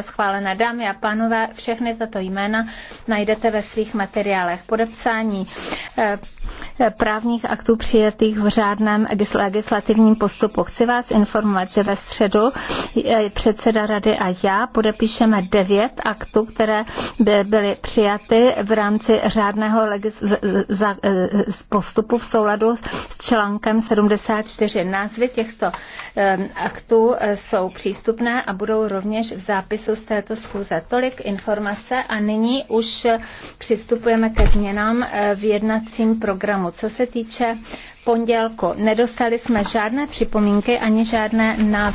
schválena. Dámy a pánové, všechny tato jména najdete ve svých materiálech. Podepsání eh, právních aktů přijatých v řádném legislativním postupu. Chci vás informovat, že ve středu eh, předseda rady a já podepíšeme devět aktů, které by byly přijaty v rámci řádného eh, postupu v souladu s článkem 74. Názvy těchto aktů jsou přístupné a budou rovněž v zápisu zápisu z této schůze. Tolik informace a nyní už přistupujeme ke změnám eh, v jednacím programu. Co se týče pondělku, nedostali jsme žádné připomínky ani žádné návrhy.